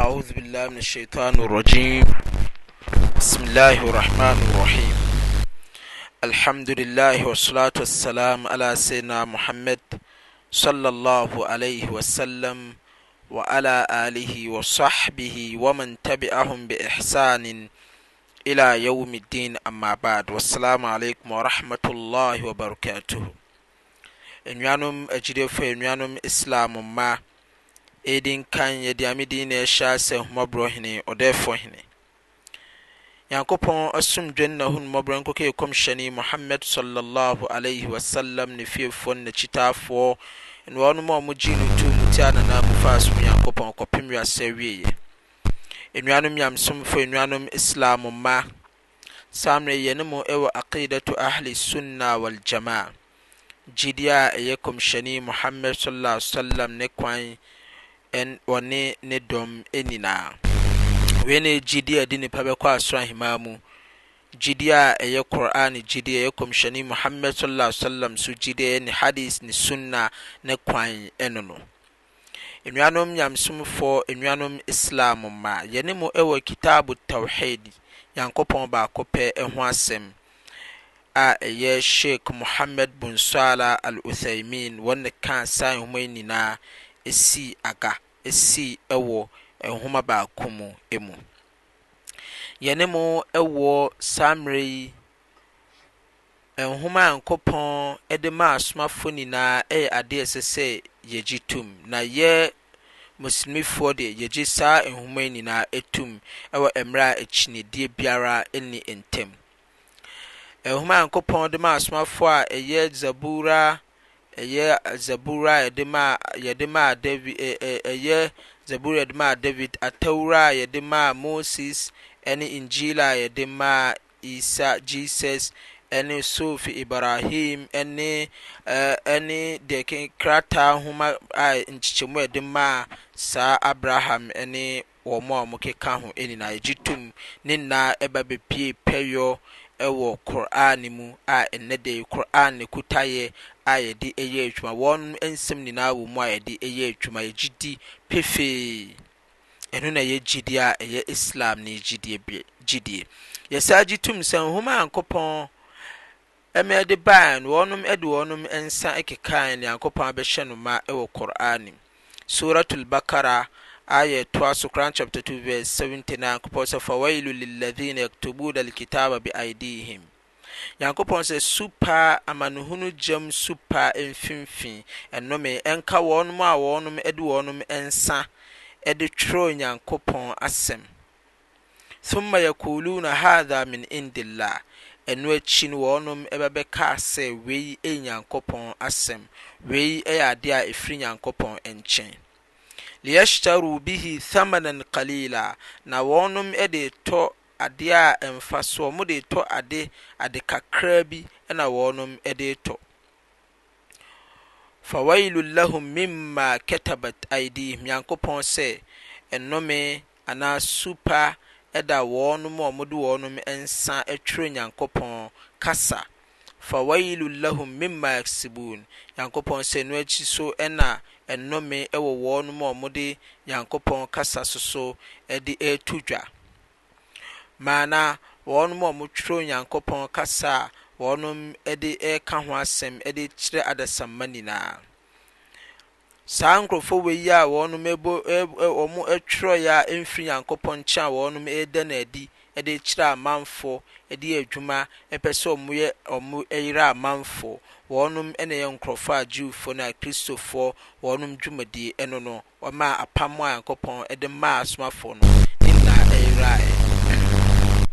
أعوذ بالله من الشيطان الرجيم بسم الله الرحمن الرحيم الحمد لله والصلاة والسلام على سيدنا محمد صلى الله عليه وسلم وعلى آله وصحبه ومن تبعهم بإحسان إلى يوم الدين أما بعد والسلام عليكم ورحمة الله وبركاته إنوانم أجريف إنوانم إسلام ما adinkan yɛde ame din na ɛhyɛ sɛ humɔbrɔ hine ɔdɛfɔ hn nyankopɔnsomdwenyni muhamad wsm n fief nnakyitaafoɔnɔno mugyinot m tiananaa mu fasom nyankopɔnkɔpewasɛ wie nuanom yasomf nanom islam mma samerɛynmu wɔ akidato ahlessunna waaljamaa gyidi a ɛyɛ kmhyɛni muhamd m ne kwan ɛn wɔne ne dɔm nyinaa wei ne gyidi a ɛde nipa bɛkɔ asor ahemaa mu gyidi a ɛyɛ koran a ɛyɛ kɔmhyɛne muhammed sallallahu alaihi sallam so ɛyɛ ne hadis ne sunna ne kwan ɛno no nnuanom nyamsomfoɔ nnuanom islam ma yɛne mu ɛwɔ kitabu tawhid nyankopɔn baako pɛ ɛho asɛm a ɛyɛ sheik muhammed bunsala al uthaimin wɔn ne kan saa nhoma nyinaa esi aga esi ɛwɔ nhoma baako mu mu. Yɛne mo wɔ saa mmerɛ yi, nhoma a Nyankopɔn de maa asomafoɔ nyinaa ɛyɛ adeɛ a ɛsɛ sɛ yɛgye tum Na yɛ musulmifoɔ deɛ, yɛgye saa nhoma yi nyinaa tom ɛwɔ mmerɛ a akyinnyedie biara nni ntam. Nhoma a Nyankopɔn de maa asomafoɔ a ɛyɛ Zabura, ɛyɛ zabura a ydemaydemaadaiɛyɛ zabura yɛdema a david atauro a yɛde ma a moses ɛne ingila a yɛde ma a isa jisus ɛne sofi ibrahim ɛneɛne deɛkekrataa ho ma a nkyekyɛmu a yɛde ma a saa abraham ɛne wɔ mo a wɔ mo keka ho nnyinaa ɛgyi tum ne nnaa ɛba bebiee pɛyɔ ɛwɔ kor'an mu a ɛnɛ de kor'an ne kutayɛ a yɛde yɛ adwuma wɔn nsɛm nyinaa wɔ mu a yɛde yɛ adwuma yɛgye di pefee ɛno na yɛ gyidie a ɛyɛ islam ne gyidie bie gyidie yɛsaa gye tum sɛ nhoma a nkɔpɔn ɛmɛ de ban no wɔnom de wɔnom nsa keka ne nkɔpɔn abɛhyɛ no ma ɛwɔ kor'an mu suratul bakara ayɛ toasokora 27ɔ s fa wailu lilaina yaktubuuna alkitaba biaidihim nyankopɔn sɛ su paa amannehono gyam su paa mfinmfii ɛnome ɛnka wɔɔnom a wɔɔnom de wɔɔnom ɛnsa de twerɛ nyankopɔn asɛm thumma yaculuna hadha min indillah ɛno akyi ne wɔɔnom ɛbɛbɛkaa sɛ wei yɛ nyankopɔn asɛm wei yɛ ade a ɛfiri nyankopɔn nkyɛn liyashtaru bihi thamanan qalila na wɔnom de tɔ adeɛ a ɛmfa so wɔn de tɔ ade ade kakra bi na wɔnom de tɔ fawailu lahum mimma katabat Aidi, nyankopɔn sɛ ɛnome anaa supa ɛda wɔnom a wɔde wɔnom nsa twerɛ nyankopɔn kasa fawailun lahum mimma yaksibun nyankopɔn sɛ no akyi so ɛna ɛnome ɛwɔ wɔnom a wɔde nyankopɔn kasa soso ɛde ɛreto dwa maana wɔnom a wɔtwerɛ nyankopɔn kasa a wɔnom ɛde ɛreka ho asɛm ɛde kyerɛ adasamma nyinaa saa nkurɔfoɔ wɔ yi a wɔnom ɛbɔ ɛɛ wɔn twerɛeɛ a ɛmfiri nyankopɔn nkyɛn a wɔnom ɛreda no adi de kyerɛ amanfoɔ ɛde yɛ adwuma ɛpɛ sɛ ɔmo yɛ ɔmo ɛyerɛ amanfoɔ wɔnom na yɛ nkurɔfoɔ a Jewfoɔ na Kristofoɔ wɔnom dwumadie no no a apam a Nyankopɔn e. ɛde maa asomafoɔ no ne ɛyerɛ ɛyeraeɛ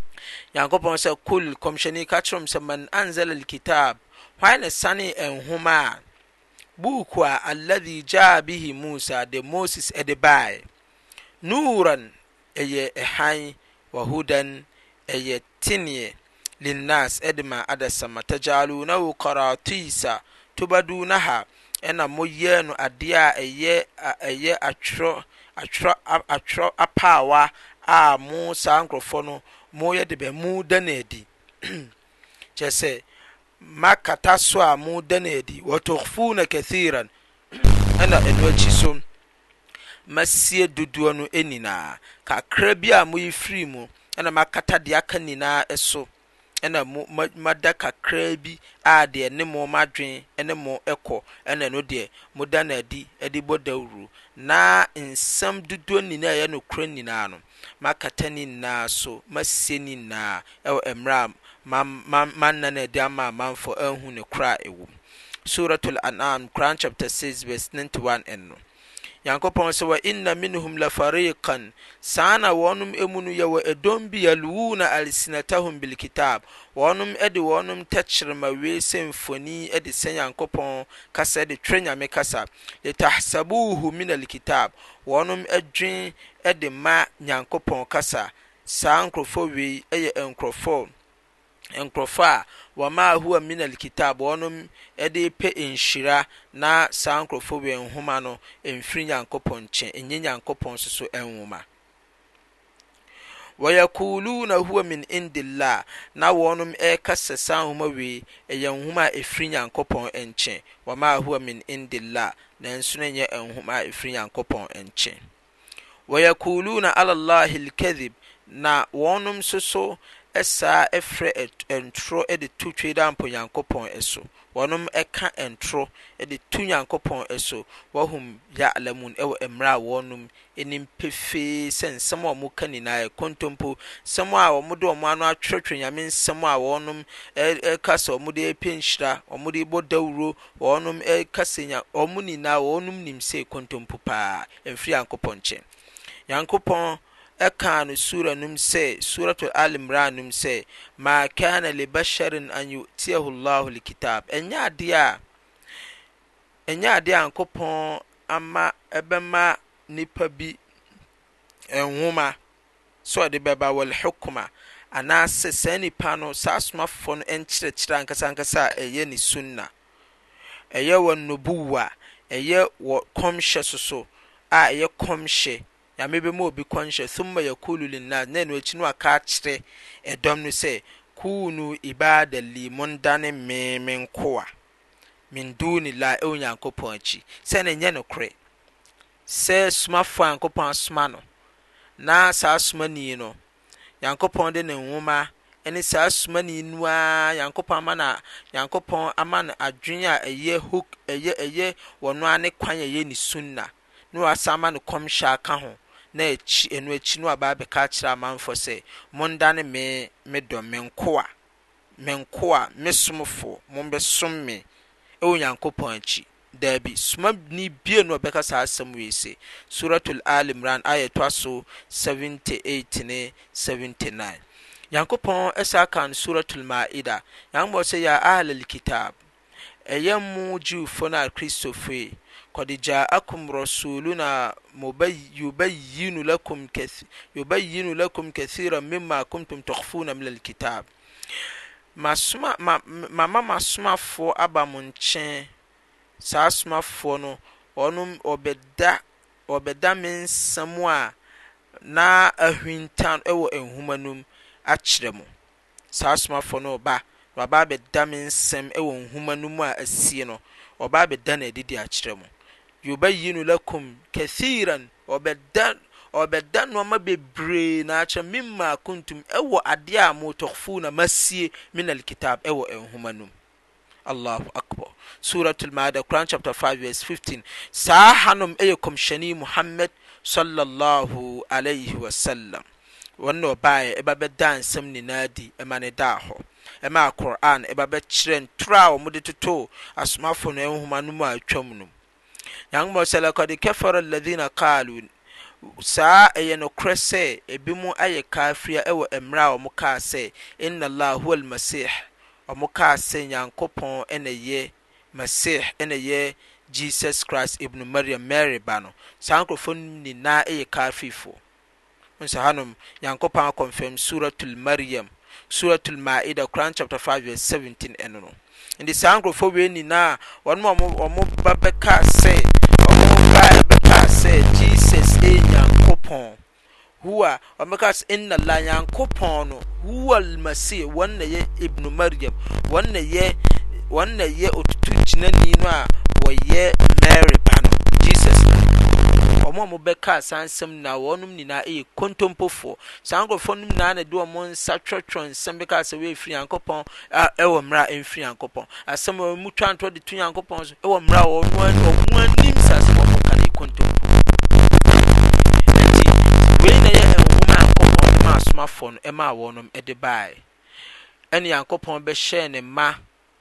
nyankopɔn sɛ kul kɔmhyɛni ka kyerɛ m sɛ man anzala alkitab hwan ne sane nhoma a buuku a alladhi jaa bihi musa de moses ɛde baɛ nuran ɛyɛ ɛhan wahodan ɛyɛ tineɛ lennas ɛde ma adasama tejaluuna wo karatoisa to baduu na ha ɛna mo yɛ no adeɛ a ɛyɛ atwerɔ apawa a mo sa nkurɔfɔ no moyɛ de bɛ mu daneadi kyɛɛ sɛ makataso a mo dane adi watufuna kathiran ɛna ɛnoakyi so masie dodoɔ no anyinaa kakraa bi a mo yi firi mu ɛna maakata deɛ aka nyinaa so ɛna mada kakraa bi a deɛ ne mo m'adwen ne mo ɛkɔ ɛnaɛno deɛ moda noadi adi bɔdawuru na nsɛm dodoɔ nnyinaa ɛɛ nokora nyinaa no makata ni naa so masie nnyinaaa ɛwɔ ɛmmerɛ a mannano ɛdi amaa manfa ahu ne kora ɛwɔm satlana kon 61 nyankopɔn sɛ wa inna minhum la lafariqan saa na wɔnom mu no yɛwɔ ɛdɔm bi yaluuna alsinatahum bilkitab wɔnom de wɔnom tɛkyerema wei sɛ mfoni de sɛ nyankopɔn kasa de twerɛ nyame kasa litahsabuhu min alkitab wɔnom adwen de ma nyankopɔn kasa saa nkurɔfoɔ wei yɛ nkurɔfoɔ nkurɔfo a wama howa min alkitab wɔnom ɛde pɛ nhyira na saa nkurɔfo wɛinhoma no mfiri nyankopɔn nkyɛn ɛnyɛ nyankopɔn soso nwoma wyakuluna howa min indilah na wɔnom ɛɛka sɛ saa nhoma wii ɛyɛ nhoma a ɛfiri nyankopɔn nkyɛ ɔma howa min indillah nanso no nyɛ nhoma a ɛfiri nyankopɔn nkyɛn wyakuluna alalah lkahib na wɔnom nsoso saa frɛ ntoro de to twɛdampo nyankopɔn so wɔnom ka ntoro de tu nyankopɔn so wahum ya'lamun ɛwɔ mmerɛ a wɔnom nim pefee sɛ nsɛm a wɔka nyinaa kontompo nsɛm a wɔmode wɔn ano atwerɛtwerɛ nyame nsɛm a wɔnom ka sɛ wɔmode ɛpɛ nhyira wɔmode bɔ dawuro wɔnom ka sɛ wɔn nyinaa wɔnom nim sɛ kontompo paa nyankopɔn nkyɛn ɛkaa no sura no mu sɛ suratul alimra no mu sɛ ma kana li basharin an yu'tiyahu Allahu likitab ɛnyɛ adeɛ a ɛnyɛ adeɛ a nkopɔn ama ɛbɛma nipa bi nwoma sɛ ɔde bɛba wɔl hukuma anaasɛ saa nipa no saa asomafoɔ no nkyerɛkyerɛ ankasankasa a ɛyɛ ne sunna ɛyɛ wɔ nubuwa ɛyɛ wɔ kɔmhyɛ soso a ɛyɛ kɔmhyɛ am b ma obi ko nhɛ tuma yaculu lnnas nenoakyino aka kyerɛ ɛdɔm no sɛ kuunu ibada le mondane mmee me nkoa min dunilah ɛwɔ nyankopɔn akyi sɛne nyɛ no korɛ sɛ smafoɔ nyankopɔn asoma no na saa soma ni no nyankopɔn de ne nwoma ɛne saa sma ni nuaa nyankopɔn nyankopɔn amano adwene a ɛyɛ hook ɛyɛ wɔno a ne kwan ɛyɛ ne sunna na waasa ama no kɔm hyɛ ka ho na akyi ɛno akyi no aba abɛka akyerɛ amanfoɔ sɛ mondane me me dɔ me nkoa me nkoa me somfoɔ mombɛsom me ɛwɔ nyankopɔn akyi daabi soma ni bie no ɔbɛka saa asɛm wei se suratul al imran ayɛ toa so 78 ne 79 nyankopɔn ɛsa ka no suratul maida nyankopɔn sɛ yɛ ahlal kitab ɛyɛ mu jewfoɔ no a kristofoɔ kɔde jaakum rasulu na oba yinu lakum kathiran minma kumtum tɔkfuuna me nelkitab mama masomafoɔ aba mo nkyɛ saa asomafoɔ no ɔnom dɔbɛda me nsɛm a na ahinta ɛwɔ nhomanum akyerɛ mu saa somafoɔ no ɔba n aba bɛda me nsɛm ɛwɔ nhoma num mu a asie no ɔba bɛda naadidi akyerɛ mu yubayinu lakum kathiran ɔbɛda noama bebree naakyerɛ mima kuntum ɛwɔ adeɛ a mo tɔkfu na masie min alkitab ɛwɔ nhoma noml bsd5 saa hannom ɛyɛ kɔmhyɛneyi muhamed sl wasalam wɔn ne ɔba ɛba bɛdaa nsɛm nyinaa di ma ne daa hɔ ma qor'an ɛbabɛkyerɛ ntora wɔ mode totoo asoma fo no nhoma nom atwa m nom nyankopɔn sɛ lakad kafara alladina kaloon saa ɛyɛ nokorɛ sɛ ebi mu ayɛ karfri a ɛwɔ mmerɛ a ɔ mo kar sɛ inna llah howa al masih ɔmo kar sɛ nyankopɔn ɛnɛ yɛ masih nɛ yɛ jesus christ ibnu mariam mary ba no saa nkurɔfo nyinaa yɛ karfifo nsa hanom nyankopɔn akɔmfirm surat almariam surat lmaida koran ca5:17 ɛno no nti saa nkurɔfɔ wei nyina a ɔnma ɔmoba bɛkasɛ mo ba bɛka sɛ jesus e nyankopɔn ho a ɛkasɛ nnala nyankopɔn no ho almasiy wɔnayɛ ibnu mariam ywɔna yɛ ɔtutu gyina ni no a wɔyɛ mary wɔn a wɔbɛka saa nsɛm na wɔn nyinaa yɛ kontompofoɔ saa nkurɔfoɔ no nyinaa na de wɔn nsa twerɛtwerɛ nsɛm bi ka sɛ wɔafiri nyankopɔn ɛwɔ mmerɛ a ɛmfiri nyankopɔn asɛm a wɔmu twa ntoɔ de to nyankopɔn so ɛwɔ mmerɛ a wɔn ɔmo anim sɛ asɛm a wɔka no yɛ kontompo nti wei na yɛ nhoma a nkɔmɔ ɔmo asomafoɔ no ɛmaa wɔn de baeɛ ɛne nyankopɔn bɛhyɛɛ ne mma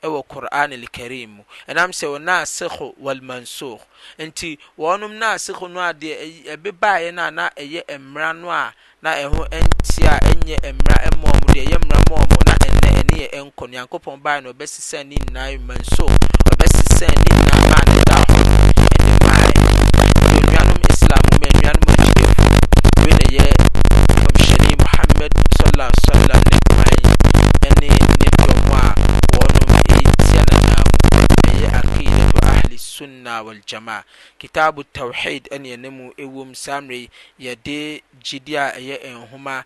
ɛwɔ qur'an alkarim mu ɛnam sɛ wɔ nasikh walmansukh nti wɔnom nasikh no a deɛ ɛbebaeɛ no a na ɛyɛ mmara no a na ɛho ɛnti a ɛnyɛ mmara ɛmɔ mu deɛ ɛyɛ mmara mɔ mu na ɛnɛ ɛne yɛ ɛnkɔ no nyankopɔn bae no ɔbɛsesɛn ne nyinaa mansukh ɔbɛsesɛn ne nyinaa ma ne da hɔ ɛne maaɛ nuanom islam mu anuanom agyidefo wei na ɛyɛ a wljamaa kitab towhid nene mu ɛwom sammeryy yɛde gyidi a ɛyɛ nhoma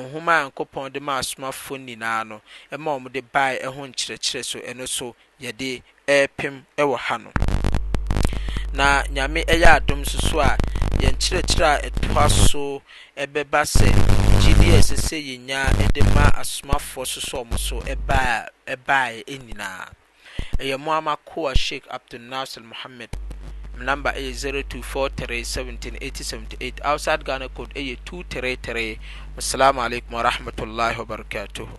nhoma a ankopɔn de ma asomafoɔ nyinaa no ɛma omu de baɛ ho nkyerɛkyerɛ so ɛno so yɛde pem wɔ ha no na nyame ɛyɛ adom soso a yɛnkyerɛkyerɛ a ɛtoa so ɛbɛba sɛ gyidi a asesɛ yɛnya de ma asomafoɔ sosomo so baɛ nyinaa aya mwama kuwa sheikh abduلnasil mohammad namba ay 0243 17 1878 ousad gana cod ay 2t t wasalamu aleيkum warahmatuالlahi wa barakatuhu